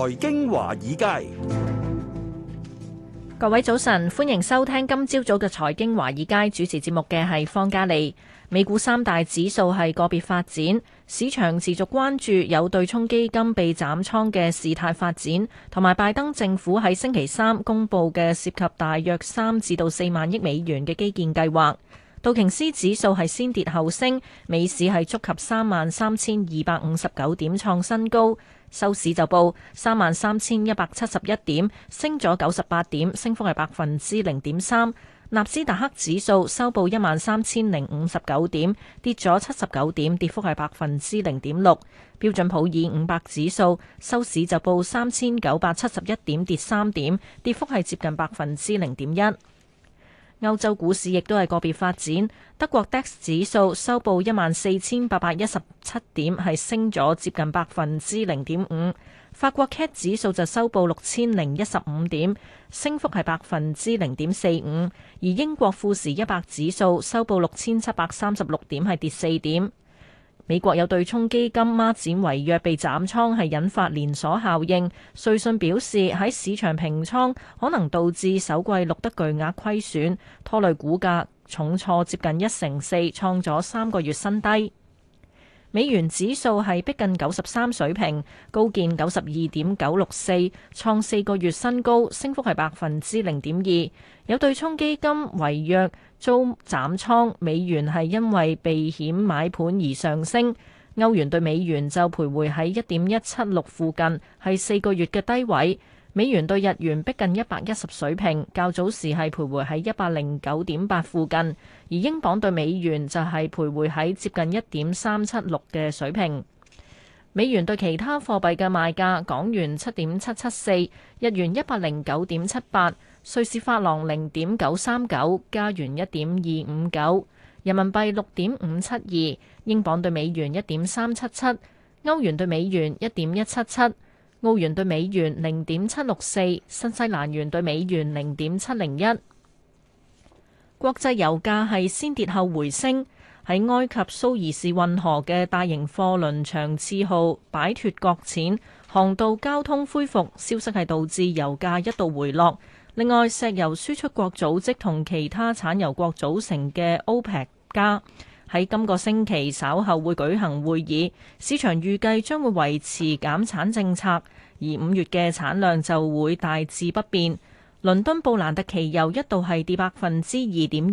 財經華爾街，各位早晨，歡迎收聽今朝早嘅財經華爾街主持節目嘅係方嘉利，美股三大指數係個別發展，市場持續關注有對沖基金被斬倉嘅事態發展，同埋拜登政府喺星期三公布嘅涉及大約三至到四萬億美元嘅基建計劃。道瓊斯指數係先跌後升，美市係觸及三萬三千二百五十九點創新高，收市就報三萬三千一百七十一點，升咗九十八點，升幅係百分之零點三。納斯達克指數收報一萬三千零五十九點，跌咗七十九點，跌幅係百分之零點六。標準普爾五百指數收市就報三千九百七十一點，跌三點，跌幅係接近百分之零點一。歐洲股市亦都係個別發展，德國 DAX 指數收報一萬四千八百一十七點，係升咗接近百分之零點五。法國 CAC 指數就收報六千零一十五點，升幅係百分之零點四五。而英國富時一百指數收報六千七百三十六點，係跌四點。美國有對沖基金孖展違約被斬倉，係引發連鎖效應。瑞信表示，喺市場平倉，可能導致首季錄得巨額虧損，拖累股價，重挫接近一成四，創咗三個月新低。美元指數係逼近九十三水平，高見九十二點九六四，創四個月新高，升幅係百分之零點二。有對沖基金違約遭斬倉，美元係因為避險買盤而上升。歐元兌美元就徘徊喺一點一七六附近，係四個月嘅低位。美元兌日元逼近一百一十水平，較早時係徘徊喺一百零九點八附近；而英鎊兌美元就係徘徊喺接近一點三七六嘅水平。美元對其他貨幣嘅賣價港元七點七七四，日元一百零九點七八，瑞士法郎零點九三九，加元一點二五九，人民幣六點五七二，英鎊兌美元一點三七七，歐元兌美元一點一七七。澳元兌美元零點七六四，新西蘭元兌美元零點七零一。國際油價係先跌後回升，喺埃及蘇伊士運河嘅大型貨輪長賜號擺脫擱淺，航道交通恢復消息，係導致油價一度回落。另外，石油輸出國組織同其他產油國組成嘅 OPEC 加。喺今個星期稍後會舉行會議，市場預計將會維持減產政策，而五月嘅產量就會大致不變。倫敦布蘭特期油一度係跌百分之二點二，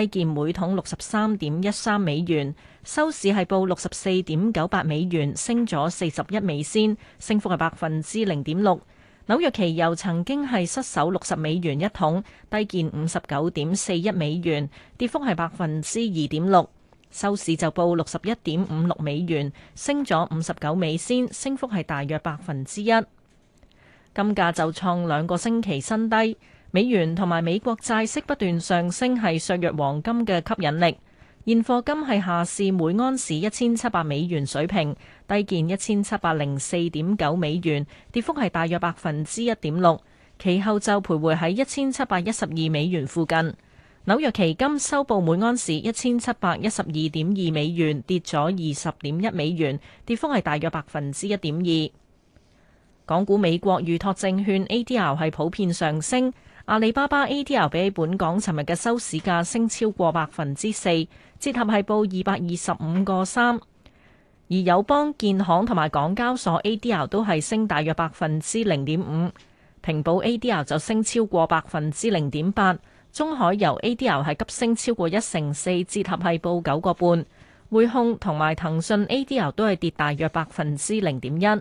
低見每桶六十三點一三美元，收市係報六十四點九八美元，升咗四十一美仙，升幅係百分之零點六。紐約期油曾經係失守六十美元一桶，低見五十九點四一美元，跌幅係百分之二點六。收市就報六十一點五六美元，升咗五十九美仙，升幅係大約百分之一。金價就創兩個星期新低，美元同埋美國債息不斷上升係削弱黃金嘅吸引力。現貨金係下市每安士一千七百美元水平，低見一千七百零四點九美元，跌幅係大約百分之一點六。其後就徘徊喺一千七百一十二美元附近。紐約期金收報每安士一千七百一十二點二美元，跌咗二十點一美元，跌幅係大約百分之一點二。港股美國預託證券 A D R 係普遍上升，阿里巴巴 A D R 比起本港尋日嘅收市價升超過百分之四，折合係報二百二十五個三。而友邦、建行同埋港交所 A D R 都係升大約百分之零點五，平保 A D R 就升超過百分之零點八。中海油 ADR 係急升超過一成四，折合係報九個半。匯控同埋騰訊 ADR 都係跌大約百分之零點一。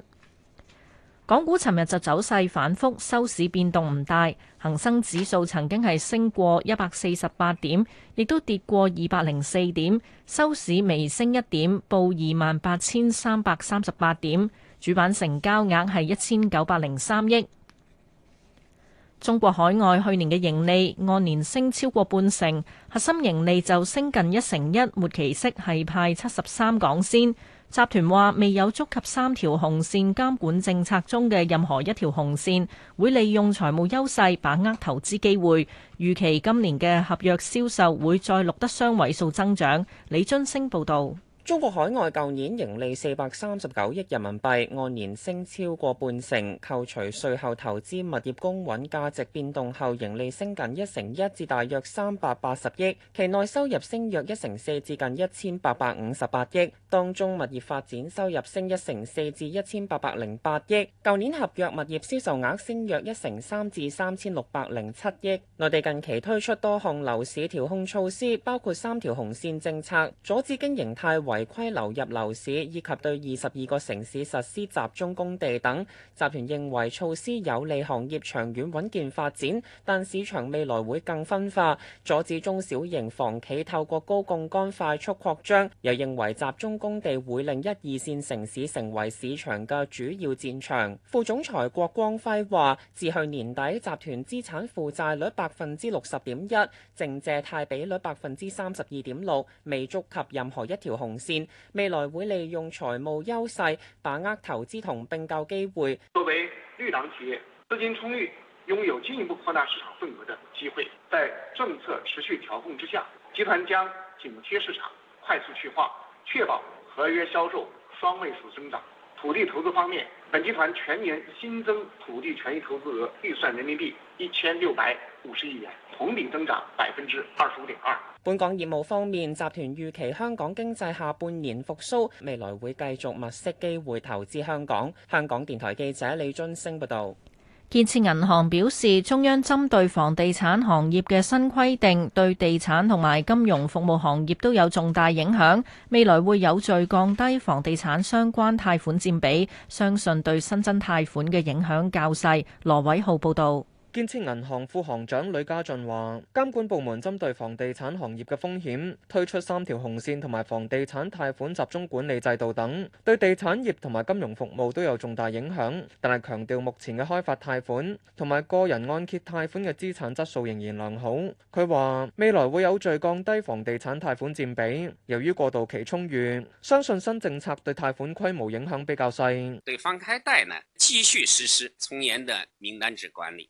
港股尋日就走勢反覆，收市變動唔大。恒生指數曾經係升過一百四十八點，亦都跌過二百零四點。收市微升一點，報二萬八千三百三十八點。主板成交額係一千九百零三億。中國海外去年嘅盈利按年升超過半成，核心盈利就升近一成一，末期息係派七十三港仙。集團話未有觸及三條紅線監管政策中嘅任何一條紅線，會利用財務優勢把握投資機會，預期今年嘅合約銷售會再錄得雙位數增長。李津升報道。中國海外舊年盈利四百三十九億人民幣，按年升超過半成。扣除稅後投資物業公允價值變動後，盈利升近一成一至大約三百八十億。期內收入升約一成四至近一千八百五十八億，當中物業發展收入升一成四至一千八百零八億。舊年合約物業銷售額升約一成三至三千六百零七億。內地近期推出多項樓市調控措施，包括三條紅線政策，阻止經營太違規流入樓市以及對二十二個城市實施集中供地等，集團認為措施有利行業長遠穩健發展，但市場未來會更分化，阻止中小型房企透過高槓杆快速擴張，又認為集中供地會令一二線城市成為市場嘅主要戰場。副總裁郭光輝話自去年底，集團資產負債率百分之六十點一，淨借貸比率百分之三十二點六，未觸及任何一條紅線。線未來會利用財務優勢，把握投資同併購機會。作為綠檔企業，資金充裕，擁有進一步擴大市場份額的機會。在政策持續調控之下，集團將緊貼市場，快速去化，確保合約銷售雙位數增長。土地投資方面，本集團全年新增土地權益投資額預算人民幣一千六百。五十億元，同比增長百分之二十五點二。本港業務方面，集團預期香港經濟下半年復蘇，未來會繼續物色機會投資香港。香港電台記者李津升報道。建設銀行表示，中央針對房地產行業嘅新規定，對地產同埋金融服務行業都有重大影響，未來會有序降低房地產相關貸款佔比，相信對新增貸款嘅影響較細。羅偉浩報道。建設銀行副行長呂家俊話，監管部門針對房地產行業嘅風險，推出三條紅線同埋房地產貸款集中管理制度等，對地產業同埋金融服務都有重大影響。但係強調目前嘅開發貸款同埋個人按揭貸款嘅資產質素仍然良好。佢話未來會有序降低房地產貸款佔比。由於過渡期充裕，相信新政策對貸款規模影響比較細。對放開貸呢，繼續實施從嚴的名單制管理。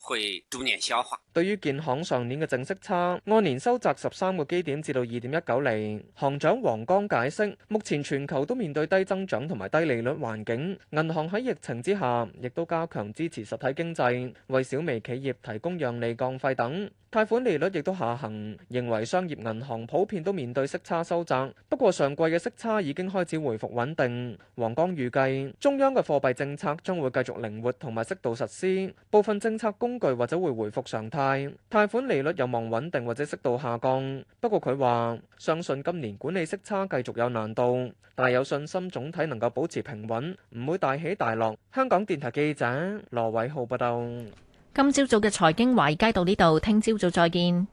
會逐年消化。對於建行上年嘅淨息差，按年收窄十三個基點至到二點一九厘。行長黃剛解釋，目前全球都面對低增長同埋低利率環境，銀行喺疫情之下亦都加強支持實體經濟，為小微企業提供讓利降費等，貸款利率亦都下行。認為商業銀行普遍都面對息差收窄，不過上季嘅息差已經開始回復穩定。黃剛預計，中央嘅貨幣政策將會繼續靈活同埋適度實施，部分政策公。工具或者會回復常態，貸款利率有望穩定或者適度下降。不過佢話相信今年管理息差繼續有難度，但係有信心總體能夠保持平穩，唔會大起大落。香港電台記者羅偉浩報道。今朝早嘅財經華爾街到呢度，聽朝早再見。